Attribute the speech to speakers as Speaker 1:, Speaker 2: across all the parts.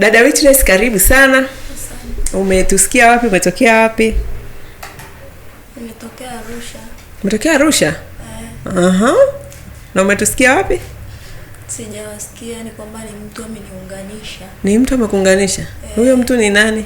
Speaker 1: Dada Witness karibu sana. Umetusikia wapi? Umetokea wapi?
Speaker 2: Umetokea Arusha.
Speaker 1: Umetokea Arusha?
Speaker 2: Eh.
Speaker 1: Uh-huh. Na umetusikia wapi?
Speaker 2: Sijawasikia, ni kwamba ni mtu ameniunganisha.
Speaker 1: Ni mtu amekuunganisha? Eh. Huyo eh, mtu ni nani?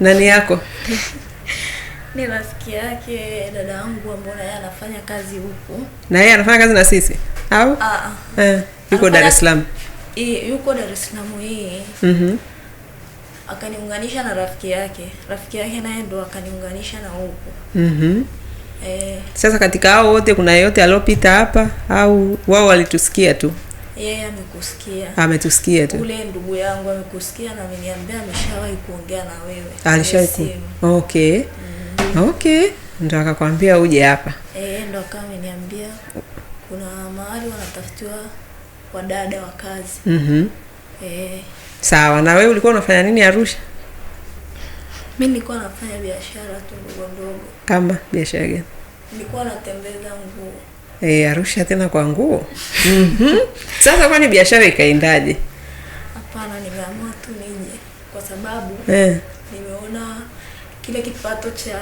Speaker 1: Nani yako?
Speaker 2: Ni rafiki yake dada yangu ambaye naye anafanya kazi huku.
Speaker 1: Na yeye anafanya kazi na sisi? Au? Ah. ah. Eh, yuko Dar es Salaam
Speaker 2: e, yuko Dar es Salaam hii mm -hmm. akaniunganisha na rafiki yake, rafiki yake naye ndo akaniunganisha na huko mm -hmm. E,
Speaker 1: sasa katika hao wote kuna yeyote aliopita hapa au wao walitusikia tu?
Speaker 2: Yeye amekusikia,
Speaker 1: ametusikia tu.
Speaker 2: Ule ndugu yangu amekusikia na ameniambia ameshawahi kuongea na wewe,
Speaker 1: alishawahi ku okay mm -hmm. okay, ndo akakwambia uje hapa.
Speaker 2: E, ndo akameniambia kuna mahali wanatafutiwa wadada wa kazi. mm -hmm. E,
Speaker 1: sawa. Na wewe ulikuwa unafanya nini Arusha?
Speaker 2: Mi nilikuwa nafanya biashara tu ndogo ndogo.
Speaker 1: Kama biashara gani?
Speaker 2: Nilikuwa natembeza nguo.
Speaker 1: E, Arusha tena kwa nguo? mm -hmm. Sasa kwani biashara ikaendaje?
Speaker 2: Hapana, nimeamua tu nije kwa sababu e. nimeona kile kipato cha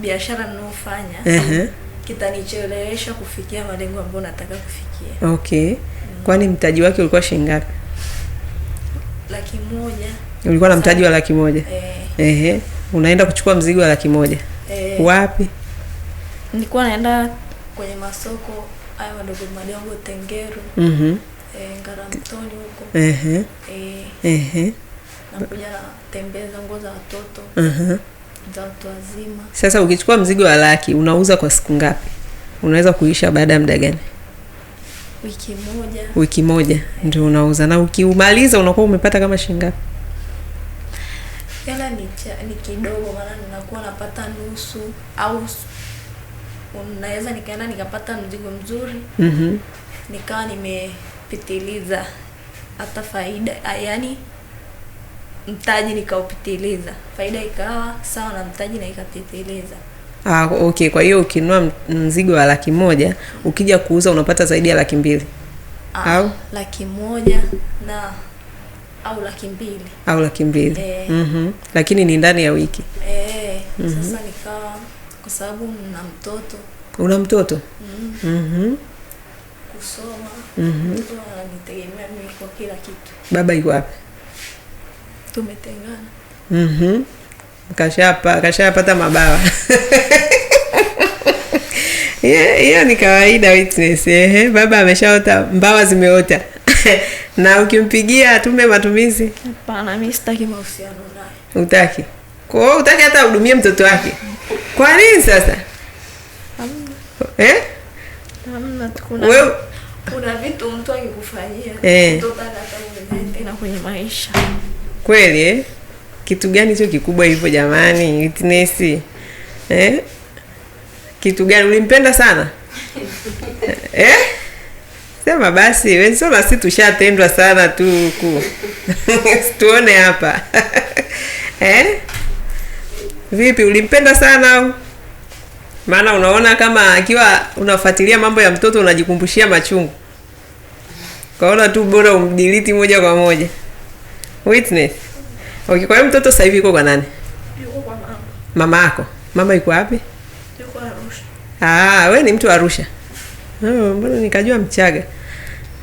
Speaker 2: biashara uh -huh. kitanichelewesha kufikia malengo ambayo nataka kufikia.
Speaker 1: Okay. Kwani mtaji wake ulikuwa shilingi ngapi?
Speaker 2: Laki moja.
Speaker 1: Ulikuwa na mtaji wa laki moja. Eh. Ehe. Unaenda kuchukua mzigo wa laki moja. Eh. Wapi?
Speaker 2: Nilikuwa naenda kwenye masoko haya madogo madogo Tengeru. Mhm. Mm eh, Ngaramtoni huko. Ehe. Eh. Ehe. Nakuja na tembeza nguo za watoto. Mhm. Za watu wazima.
Speaker 1: Sasa ukichukua mzigo wa laki unauza kwa siku ngapi? Unaweza kuisha baada ya muda gani?
Speaker 2: wiki moja,
Speaker 1: wiki moja ndio unauza, na ukiumaliza unakuwa umepata kama shilingi ngapi?
Speaker 2: Hela ni kidogo, maana ninakuwa napata nusu au naweza nikaenda nikapata mzigo mzuri mm -hmm. nikawa nimepitiliza hata faida, yaani mtaji nikaupitiliza, faida ikawa sawa na mtaji na ikapitiliza
Speaker 1: Ah, okay. Kwa hiyo ukinua mzigo wa laki moja ukija kuuza unapata zaidi ya laki mbili ah, au
Speaker 2: laki moja na au laki mbili
Speaker 1: au laki mbili eh. mm-hmm. Lakini ni ndani ya wiki
Speaker 2: eh, mm-hmm. Sasa nikawa kwa sababu na mtoto una mtoto mm. mm-hmm. kusoma mm-hmm. mtoto ananitegemea mimi kwa kila kitu.
Speaker 1: Baba yuko wapi?
Speaker 2: Tumetengana.
Speaker 1: mm-hmm kashapata mabawa hiyo ni kawaida witness ehe baba ameshaota mbawa zimeota na ukimpigia atume matumizi utaki kwa utaki hata ahudumie mtoto wake kwa nini sasa eh? Eh. kweli eh kitu gani hicho kikubwa hivyo jamani? Witness eh, kitu gani ulimpenda sana eh? Sema basi wesona, si tushatendwa sana tu huku tuone hapa eh? Vipi, ulimpenda sana au? Maana unaona kama akiwa unafuatilia mambo ya mtoto unajikumbushia machungu, kaona tu bora umdiliti moja kwa moja Witness. Okay, kwa hiyo mtoto sasa hivi yuko kwa nani? Yuko kwa mama. Mama yako. Mama yuko wapi?
Speaker 2: Yuko Arusha.
Speaker 1: Ah, wewe ni mtu wa Arusha. Oh, mbona nikajua Mchaga. Eh,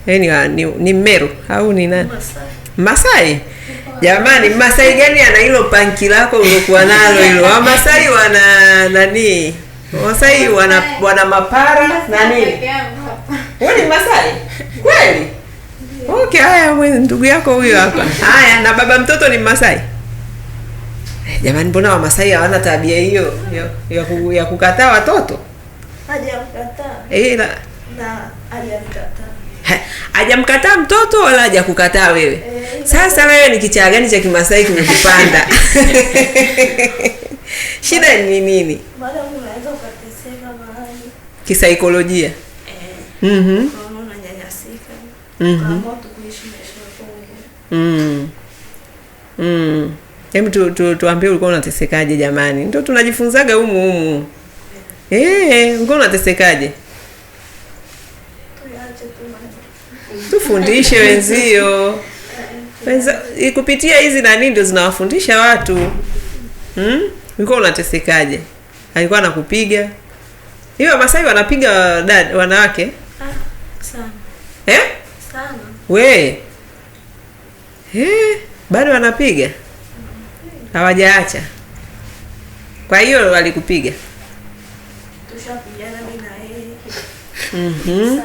Speaker 1: wewe ni, ni, ni Meru au ni nani? Masai. Masai. Jamani, Masai gani ana hilo panki lako uliokuwa nalo hilo? Wamasai wana nani? Wamasai wana wana mapara na nini? Wewe ni Masai? Kweli? Okay, haya ndugu yako huyo hapa. Haya na baba mtoto ni masai eh, Jamani, mbona Wamasai hawana tabia hiyo ya ku, ya kukataa watoto?
Speaker 2: Hajamkataa.
Speaker 1: Eh, na mtoto wala kukataa wewe. E, sasa wewe ni kichaa gani cha Kimasai kimekupanda? Shida ni nini? Kisaikolojia. Eh. Mhm. Mm mm -hmm. mm. Hebu tu, tu, tuambie ulikuwa unatesekaje jamani? ndo tunajifunzaga humu humu. Eh, ulikuwa unatesekaje? Tufundishe wenzio Wenza, kupitia hizi nanii ndio zinawafundisha watu hmm? Ulikuwa unatesekaje? Alikuwa anakupiga hiyo? masai wanapiga wanawake ah, eh? we eh, bado wanapiga, hawajaacha. Kwa hiyo walikupiga mm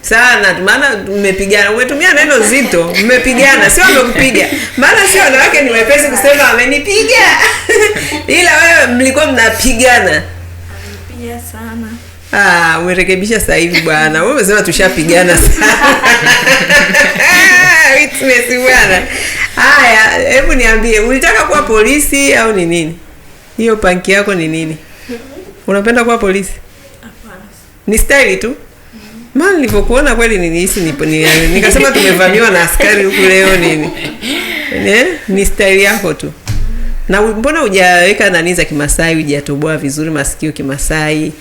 Speaker 1: sana tu, maana mmepigana. Umetumia neno zito, mmepigana, sio amekupiga. Maana sio wanawake ni wepesi kusema amenipiga, ila wewe mlikuwa mnapigana sana. Ah, umerekebisha sasa hivi bwana. Wewe umesema tushapigana sana. Ah, Witness bwana. Haya, hebu niambie, ulitaka kuwa polisi au ni nini? Hiyo panki yako ni nini? Unapenda kuwa polisi? Hapana. Ni style tu. Maana nilipokuona kweli nilihisi ni nikasema tumevamiwa na askari huku leo nini. Ne? Eh, ni style yako tu. Na mbona hujaweka nani za Kimasai, hujatoboa vizuri masikio Kimasai?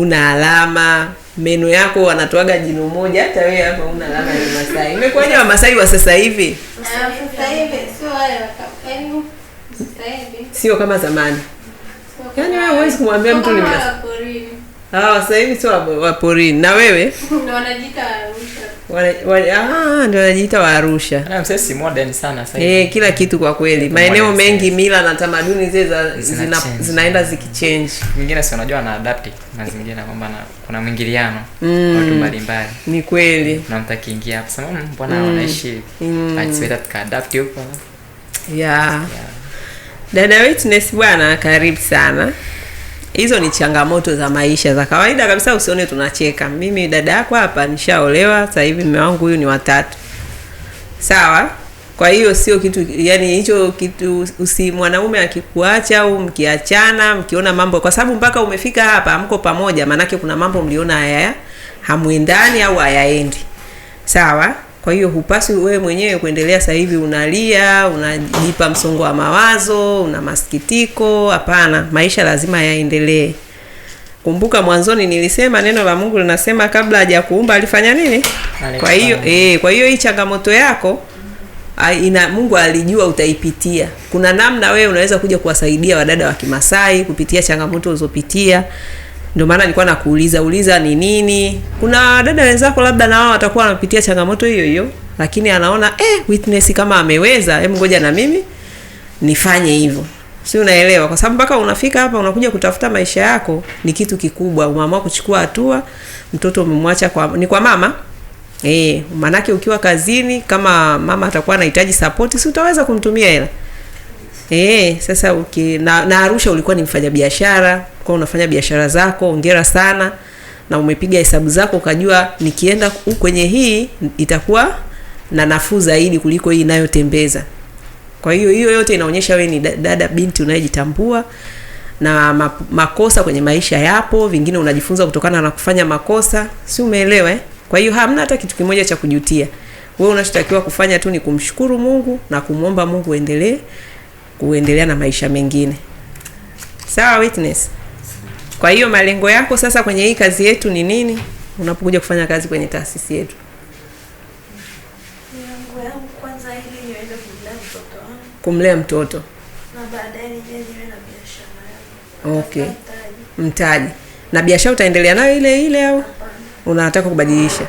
Speaker 1: una alama meno yako wanatoaga jino moja, hata wewe hapo una alama ya Masai. Imekuwaje Wamasai wa sasa hivi? Sio kama zamani, yaani wewe huwezi kumwambia mtu ni Masai. Ah, sasa hivi sio wa porini. Na wewe
Speaker 2: ndio wanajiita
Speaker 1: Ah, ndio wa arusha
Speaker 3: si modern sana sasa
Speaker 1: eh, kila kitu kwa kweli maeneo mengi mila na tamaduni zile zina, zinaenda zikichenji
Speaker 3: Mwingine si unajua ana adapt mazingira kwamba kuna mwingiliano mm, watu mbalimbali.
Speaker 1: Ni kweli.
Speaker 3: Na mtu akiingia hapo sema mm, mbona mm, wanaishi mm, atisweta tukaadapt huko.
Speaker 1: Yeah. Yeah. Dada Witness bwana, karibu sana hizo ni changamoto za maisha za kawaida kabisa, usione tunacheka. Mimi dada yako hapa nishaolewa sasa hivi, mume wangu huyu ni watatu, sawa? Kwa hiyo sio kitu yani hicho kitu, usi mwanaume akikuacha au mkiachana, mkiona mambo, kwa sababu mpaka umefika hapa mko pamoja, maanake kuna mambo mliona haya hamwendani au hayaendi, sawa? Kwa hiyo hupasi wewe mwenyewe kuendelea sasa hivi unalia, unajipa msongo wa mawazo, una masikitiko. Hapana, maisha lazima yaendelee. Kumbuka mwanzoni nilisema neno la Mungu linasema kabla hajakuumba alifanya nini? Kwa hiyo eh, kwa hiyo hii changamoto yako ina Mungu alijua utaipitia. Kuna namna wewe unaweza kuja kuwasaidia wadada wa Kimasai kupitia changamoto ulizopitia ndio maana nilikuwa nakuuliza uliza ni nini. Kuna dada wenzako labda na wao watakuwa wanapitia changamoto hiyo hiyo, lakini anaona eh, Witness kama ameweza, hebu ngoja na mimi nifanye hivyo. Si unaelewa? Kwa sababu mpaka unafika hapa unakuja kutafuta maisha yako ni kitu kikubwa. Umeamua kuchukua hatua, mtoto umemwacha kwa ni kwa mama. Eh, maanake ukiwa kazini kama mama atakuwa anahitaji support, si utaweza kumtumia hela. Eh, sasa uki, na, na Arusha ulikuwa ni mfanyabiashara, kwa unafanya biashara zako, ongera sana na umepiga hesabu zako ukajua nikienda kwenye hii itakuwa na nafuu zaidi kuliko hii inayotembeza. Kwa hiyo hiyo yote inaonyesha we ni dada binti unayejitambua na makosa kwenye maisha yapo, vingine unajifunza kutokana na kufanya makosa, si umeelewa eh? Kwa hiyo hamna hata kitu kimoja cha kujutia. Wewe unachotakiwa kufanya tu ni kumshukuru Mungu na kumwomba Mungu endelee kuendelea na maisha mengine. Sawa Witness? Kwa hiyo malengo yako sasa kwenye hii kazi yetu ni nini unapokuja kufanya kazi kwenye taasisi yetu? Kumlea mtoto
Speaker 2: na baadaye niwe na
Speaker 1: biashara. Okay, mtaji na biashara utaendelea nayo ile ile au unataka kubadilisha? Eh.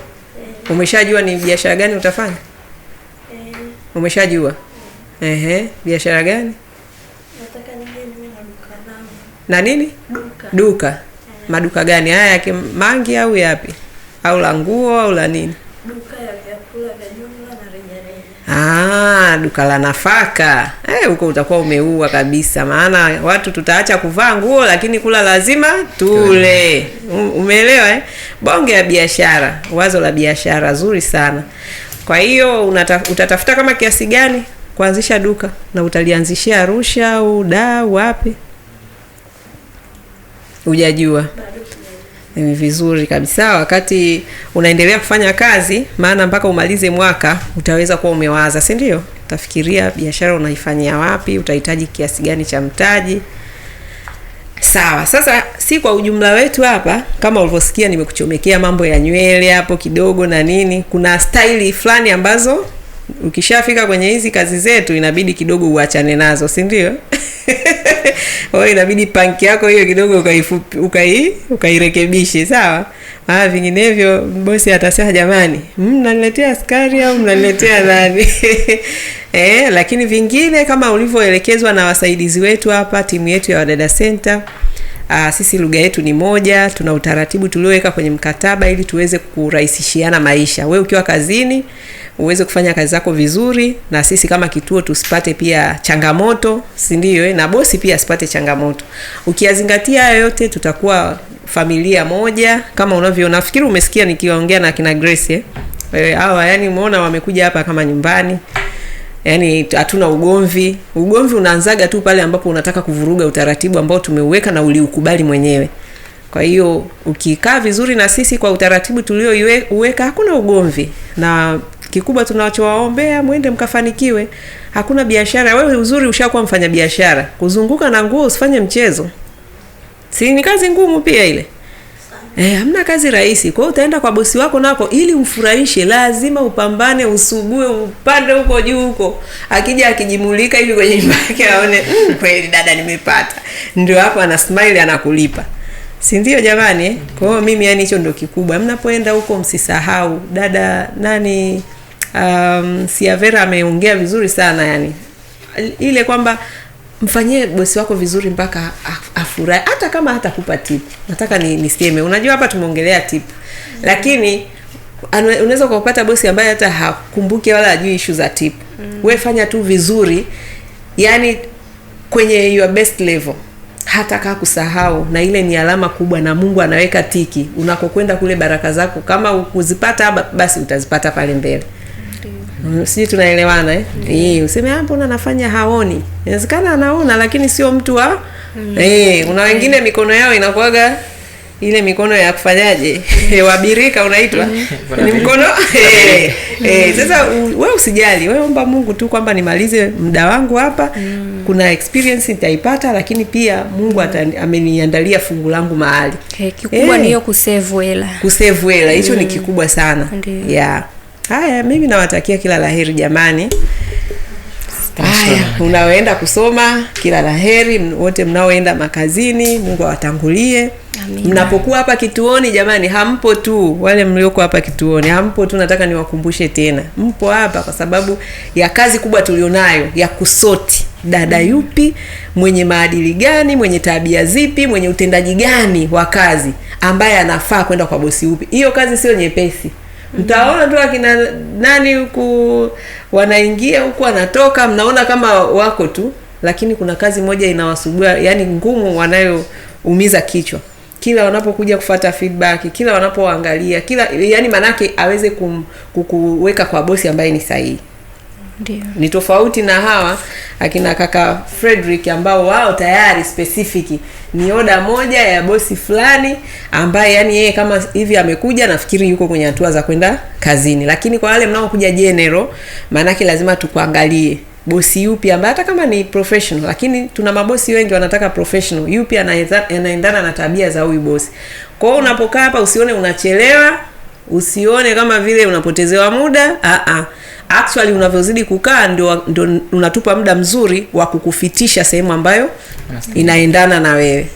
Speaker 1: umeshajua ni biashara gani utafanya? Eh. umeshajua? Eh. Ehe, biashara gani? na nini duka, duka. Yeah. Maduka gani haya yake Mangi au yapi au la nguo au la nini?
Speaker 2: Duka ya vyakula vya jumla na
Speaker 1: rejareja. Ah, duka la nafaka eh, huko utakuwa umeua kabisa, maana watu tutaacha kuvaa nguo lakini kula lazima tule. Umeelewa eh? Bonge ya biashara, wazo la biashara zuri sana. Kwa hiyo utatafuta kama kiasi gani kuanzisha duka na utalianzishia Arusha au da wapi? hujajua ni vizuri kabisa wakati unaendelea kufanya kazi, maana mpaka umalize mwaka utaweza kuwa umewaza, si ndio? Utafikiria biashara unaifanyia wapi, utahitaji kiasi gani cha mtaji. Sawa, sasa si kwa ujumla wetu hapa, kama ulivyosikia, nimekuchomekea mambo ya nywele hapo kidogo na nini. Kuna staili fulani ambazo ukishafika kwenye hizi kazi zetu inabidi kidogo uachane nazo, si ndio? Kwa inabidi panki yako hiyo kidogo ukaifupi, ukai ukairekebishe, sawa? Ah, vinginevyo bosi atasema jamani, mnaniletea askari au mnaniletea nani? Eh, lakini vingine kama ulivyoelekezwa na wasaidizi wetu hapa, timu yetu ya Wadada Center Aa, ah, sisi lugha yetu ni moja, tuna utaratibu tulioweka kwenye mkataba ili tuweze kurahisishiana maisha. We ukiwa kazini, uweze kufanya kazi zako vizuri, na sisi kama kituo tusipate pia changamoto, si ndio? Eh, na bosi pia asipate changamoto. Ukiyazingatia hayo yote, tutakuwa familia moja kama unavyo Nafikiri umesikia nikiongea na kina Grace eh? E, hawa yani umeona wamekuja hapa kama nyumbani yaani hatuna ugomvi. Ugomvi unaanzaga tu pale ambapo unataka kuvuruga utaratibu ambao tumeuweka na uliukubali mwenyewe. Kwa hiyo ukikaa vizuri na sisi kwa utaratibu tulioiweka, hakuna ugomvi, na Kikubwa tunachowaombea mwende mkafanikiwe. Hakuna biashara, wewe uzuri ushakuwa mfanya biashara, kuzunguka na nguo usifanye mchezo, si ni kazi ngumu pia ile? Eh, hamna E, kazi rahisi. Kwa hiyo utaenda kwa bosi wako nako, ili umfurahishe, lazima upambane, usugue, upande huko juu huko. Akija akijimulika hivi kwenye nyumba yake, aone mm, kweli dada, nimepata. Ndio hapo ana smile, anakulipa, si ndio? Jamani, eh? kwa hiyo mimi, yani hicho ndio kikubwa. Mnapoenda huko, msisahau dada nani um, Siavera ameongea vizuri sana yani ile kwamba mfanyie bosi wako vizuri mpaka afurahi, hata kama hatakupa tip. Nataka ni niseme, unajua hapa tumeongelea tip mm. hmm lakini unaweza ukapata bosi ambaye hata hakumbuki wala ajui ishu za tip mm. hmm We fanya tu vizuri, yani kwenye your best level, hata kaa kusahau, na ile ni alama kubwa, na Mungu anaweka tiki unakokwenda kule. Baraka zako kama ukuzipata basi utazipata pale mbele. Mm, sijui tunaelewana eh? mm. Eh, Useme hapo ah, na nafanya haoni, inawezekana anaona lakini sio mtu wa mm. Eh, kuna mm. wengine mm. mikono yao inakuwaga ile mikono ya kufanyaje wabirika unaitwa mm. ni mkono eh, eh, mm. sasa wewe usijali, wewe omba Mungu tu kwamba nimalize muda wangu hapa mm. kuna experience nitaipata, lakini pia Mungu mm. ameniandalia fungu langu mahali
Speaker 4: eh, kikubwa eh, ni hiyo kusevu hela,
Speaker 1: kusevu hela hicho mm. ni kikubwa sana Ndiyo. yeah Haya, mimi nawatakia kila laheri jamani. Haya, unaoenda kusoma kila laheri, wote mnaoenda makazini, Mungu awatangulie. Mnapokuwa hapa kituoni jamani, hampo tu wale mlioko hapa kituoni, hampo tu, nataka niwakumbushe tena, mpo hapa kwa sababu ya kazi kubwa tulionayo ya kusoti dada mm. yupi mwenye maadili gani, mwenye tabia zipi, mwenye utendaji gani wa kazi, ambaye anafaa kwenda kwa bosi upi. Hiyo kazi sio nyepesi. Mtaona tu akina nani huku wanaingia huku wanatoka, mnaona kama wako tu, lakini kuna kazi moja inawasubua, yani ngumu, wanayoumiza kichwa kila wanapokuja kufata feedback, kila wanapoangalia, kila yani, manake aweze kum, kukuweka kwa bosi ambaye ni sahihi. Ndiyo. Ni tofauti na hawa akina kaka Frederick ambao wao tayari specific ni oda moja ya bosi fulani ambaye yani yeye kama hivi amekuja, nafikiri yuko kwenye hatua za kwenda kazini. Lakini kwa wale mnaokuja general, maanake lazima tukuangalie bosi yupi ambaye hata kama ni professional, lakini tuna mabosi wengi wanataka professional, yupi anaendana na tabia za huyu bosi. Kwa hiyo unapokaa hapa usione unachelewa, usione kama vile unapotezewa muda a ah, a ah actually unavyozidi kukaa ndio ndio unatupa muda mzuri wa kukufitisha sehemu ambayo inaendana na wewe.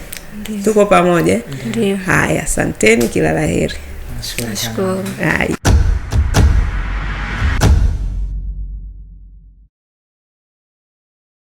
Speaker 1: Tuko pamoja? Ndiyo. Haya, asanteni, kila la heri.
Speaker 4: Nashukuru.